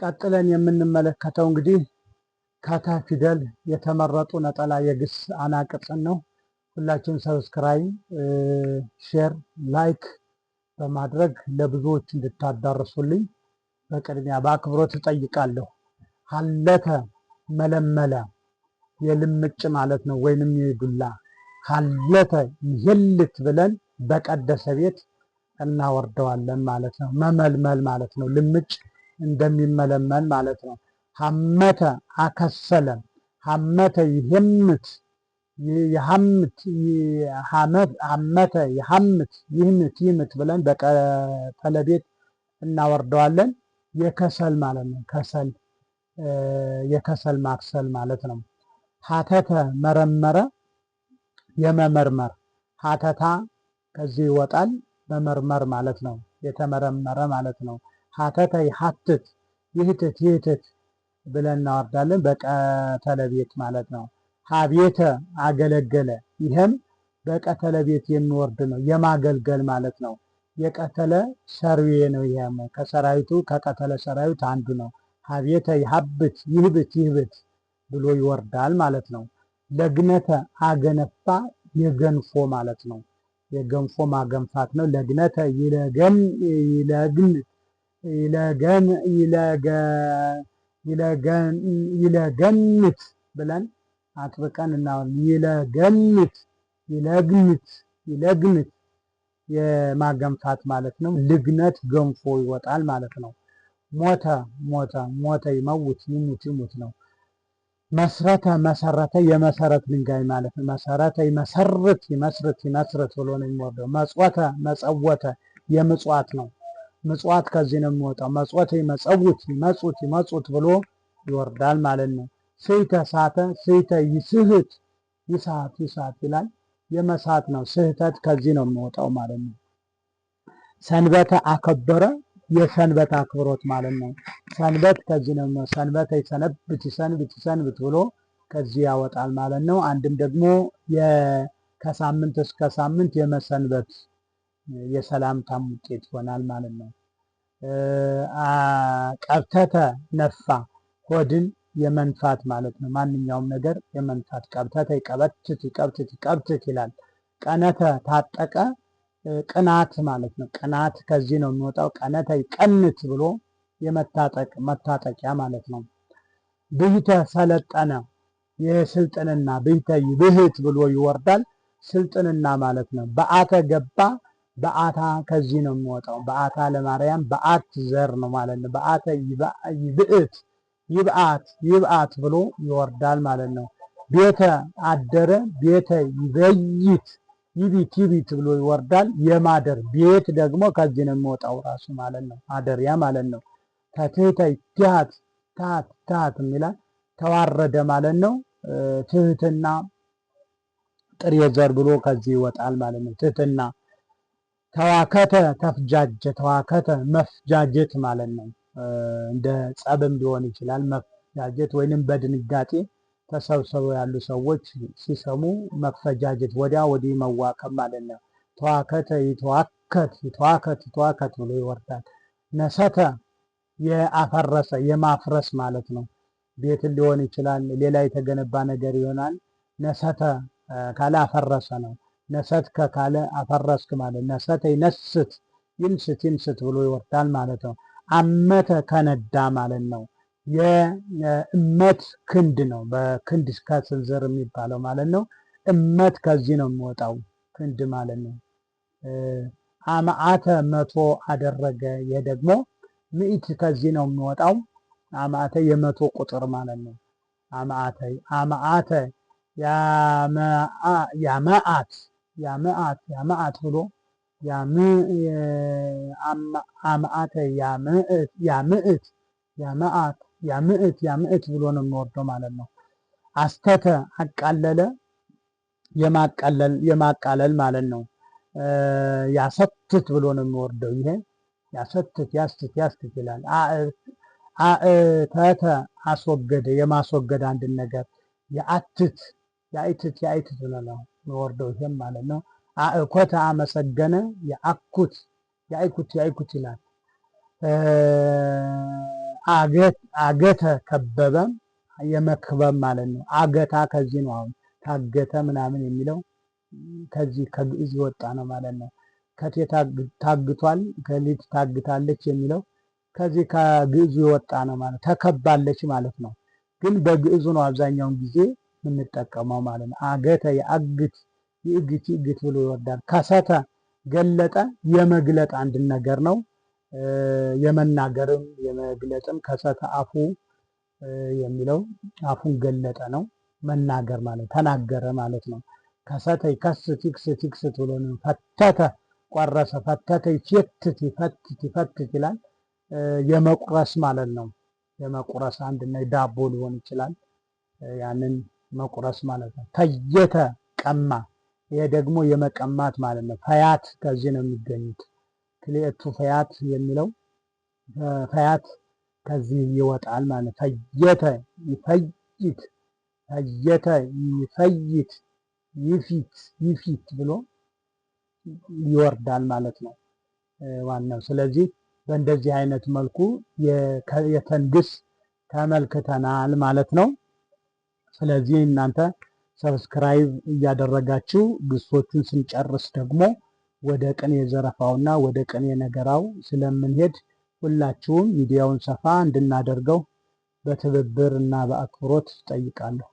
ቀጥለን የምንመለከተው እንግዲህ ካታ ፊደል የተመረጡ ነጠላ የግስ አናቅጽን ነው። ሁላችሁም ሰብስክራይብ፣ ሼር፣ ላይክ በማድረግ ለብዙዎች እንድታዳርሱልኝ በቅድሚያ በአክብሮት እጠይቃለሁ። ሀለተ መለመለ የልምጭ ማለት ነው፣ ወይንም የዱላ ሀለተ ይሄልት ብለን በቀደሰ ቤት እናወርደዋለን ማለት ነው። መመልመል ማለት ነው። ልምጭ እንደሚመለመል ማለት ነው። ሀመተ አከሰለ ሀመተ ይህምት የሀምት ሀመተ የሀምት ይህምት ይህምት ብለን በቀጠለቤት እናወርደዋለን። የከሰል ማለት ነው። ከሰል የከሰል ማክሰል ማለት ነው። ሀተተ መረመረ የመመርመር ሀተታ ከዚህ ይወጣል። መመርመር ማለት ነው። የተመረመረ ማለት ነው። ሀተተ ይሀትት ይህትት ይህትት ብለን እናወርዳለን። በቀተለ ቤት ማለት ነው። ሀቤተ አገለገለ። ይህም በቀተለ ቤት የሚወርድ ነው፣ የማገልገል ማለት ነው። የቀተለ ሰርዌ ነው። ይህም ከሰራዊቱ ከቀተለ ሰራዊት አንዱ ነው። ሀቤተ ይሀብት ይህብት ይህብት ብሎ ይወርዳል ማለት ነው። ለግነተ አገነፋ የገንፎ ማለት ነው። የገንፎ ማገንፋት ነው። ለግነተ ይለግን ይለገምት ብለን አጥብቀን እናዋል። ይለገምት ይለግምት ይለግምት የማገንፋት ማለት ነው። ልግነት ገንፎ ይወጣል ማለት ነው። ሞተ ሞተ ሞተ ይመውት ይሙት ይሙት ነው። መስረተ መሰረተ የመሰረት ድንጋይ ማለት ነው። መሰረተ ይመሰርት ይመስርት ይመስርት ብሎ ነው የሚወርደው። መጽወተ መጸወተ የምጽዋት ነው። ምጽዋት ከዚህ ነው የሚወጣው። መጽወት መጸውት መጹት መጹት ብሎ ይወርዳል ማለት ነው። ስህተ ሳተ ስህተ ይስህት ይሳት ይሳት ይላል። የመሳት ነው ስህተት ከዚህ ነው የሚወጣው ማለት ነው። ሰንበተ አከበረ የሰንበት አክብሮት ማለት ነው። ሰንበት ከዚህ ነው የሚወጣው። ሰንበተ ይሰነብት ይሰንብት ይሰንብት ብሎ ከዚህ ያወጣል ማለት ነው። አንድም ደግሞ ከሳምንት እስከ ሳምንት የመሰንበት የሰላምታም ውጤት ይሆናል ማለት ነው። ቀብተተ ነፋ ሆድን የመንፋት ማለት ነው። ማንኛውም ነገር የመንፋት ቀብተተ ይቀበትት ይቀብትት ይቀብትት ይላል። ቀነተ ታጠቀ ቅናት ማለት ነው። ቅናት ከዚህ ነው የሚወጣው። ቀነተ ይቀንት ብሎ የመታጠቅ መታጠቂያ ማለት ነው። ብይተ ሰለጠነ የስልጥንና ብይተ ብህት ብሎ ይወርዳል። ስልጥንና ማለት ነው። በአተ ገባ በአታ ከዚህ ነው የሚወጣው። በአታ ለማርያም በአት ዘር ነው ማለት ነው። በአተ ይብዕት ይብአት ይብአት ብሎ ይወርዳል ማለት ነው። ቤተ አደረ ቤተ ይበይት ይቢት ይቢት ብሎ ይወርዳል። የማደር ቤት ደግሞ ከዚህ ነው የሚወጣው ራሱ ማለት ነው። አደሪያ ማለት ነው። ተትህተ ትሃት ታት ታት የሚላል ተዋረደ ማለት ነው። ትህትና ጥሬ ዘር ብሎ ከዚህ ይወጣል ማለት ነው። ትህትና ተዋከተ ተፍጃጀ ተዋከተ መፍጃጀት ማለት ነው። እንደ ጸብም ሊሆን ይችላል መፍጃጀት፣ ወይንም በድንጋጤ ተሰብስበው ያሉ ሰዎች ሲሰሙ መፈጃጀት፣ ወዲያ ወዲህ መዋከብ ማለት ነው። ተዋከተ ይተዋከት ይተዋከት ይተዋከት ብሎ ይወርዳል። ነሰተ የአፈረሰ የማፍረስ ማለት ነው። ቤትን ሊሆን ይችላል፣ ሌላ የተገነባ ነገር ይሆናል። ነሰተ ካለ አፈረሰ ነው። ነሰትከ ካለ አፈረስክ ማለት ነሰተ ይነስት ይንስት ይንስት ብሎ ይወርዳል ማለት ነው። አመተ ከነዳ ማለት ነው። የእመት ክንድ ነው። በክንድ ከስንዝር የሚባለው ማለት ነው። እመት ከዚህ ነው የሚወጣው ክንድ ማለት ነው። አማአተ መቶ አደረገ። ይህ ደግሞ ምዕት ከዚህ ነው የሚወጣው አማአተ የመቶ ቁጥር ማለት ነው። አማአተ አማአተ ያመአት ያመአት ያመአት ብሎ አምአተ ያምእት ያመአት ያምእት ያምእት ብሎ ነው የሚወርደው ማለት ነው። አስተተ አቃለለ የማቃለል ማለት ነው። ያሰትት ብሎ ነው የሚወርደው ይሄ ያሰትት ያስትት ያስትት ይላል። አእተተ አስወገደ የማስወገድ አንድን ነገር የአትት የአይትት የአይትት ነው የሚወርደው ይሄም ማለት ነው። አእኮተ አመሰገነ የአኩት የአይኩት የአይኩት ይላል። አገተ ከበበ የመክበብ ማለት ነው። አገታ ከዚህ ነው። አሁን ታገተ ምናምን የሚለው ከዚህ ከግዕዝ ወጣ ነው ማለት ነው። ከቴ ታግቷል፣ ከሊት ታግታለች የሚለው ከዚህ ከግዕዙ የወጣ ነው ማለት ተከባለች ማለት ነው። ግን በግዕዙ ነው አብዛኛውን ጊዜ የምንጠቀመው ማለት ነው። አገተ የአግት ይእግት ይእግት ብሎ ይወርዳል። ከሰተ ገለጠ የመግለጥ አንድ ነገር ነው። የመናገርም የመግለጥም ከሰተ አፉ የሚለው አፉን ገለጠ ነው። መናገር ማለት ተናገረ ማለት ነው። ከሰተ ይከስት ይክስት ይክስት ብሎ ፈተተ ቆረሰ ፈተተ ይፈትት ይፈትት ይፈትት ይላል። የመቁረስ ማለት ነው። የመቁረስ አንድ ዳቦ ሊሆን ይችላል ያንን መቁረስ ማለት ነው። ፈየተ ቀማ፣ ይሄ ደግሞ የመቀማት ማለት ነው። ፈያት ከዚህ ነው የሚገኙት። ክልኤቱ ፈያት የሚለው ፈያት ከዚህ ይወጣል ማለት ነው። ፈየተ ይፈይት፣ ፈየተ ይፈይት፣ ይፊት ይፊት ብሎ ይወርዳል ማለት ነው ዋናው። ስለዚህ በእንደዚህ አይነት መልኩ የተንግስ ተመልክተናል ማለት ነው። ስለዚህ እናንተ ሰብስክራይብ እያደረጋችሁ ግሶቹን ስንጨርስ ደግሞ ወደ ቅኔ ዘረፋውና ወደ ቅኔ ነገራው ስለምንሄድ ሁላችሁም ሚዲያውን ሰፋ እንድናደርገው በትብብር እና በአክብሮት ጠይቃለሁ።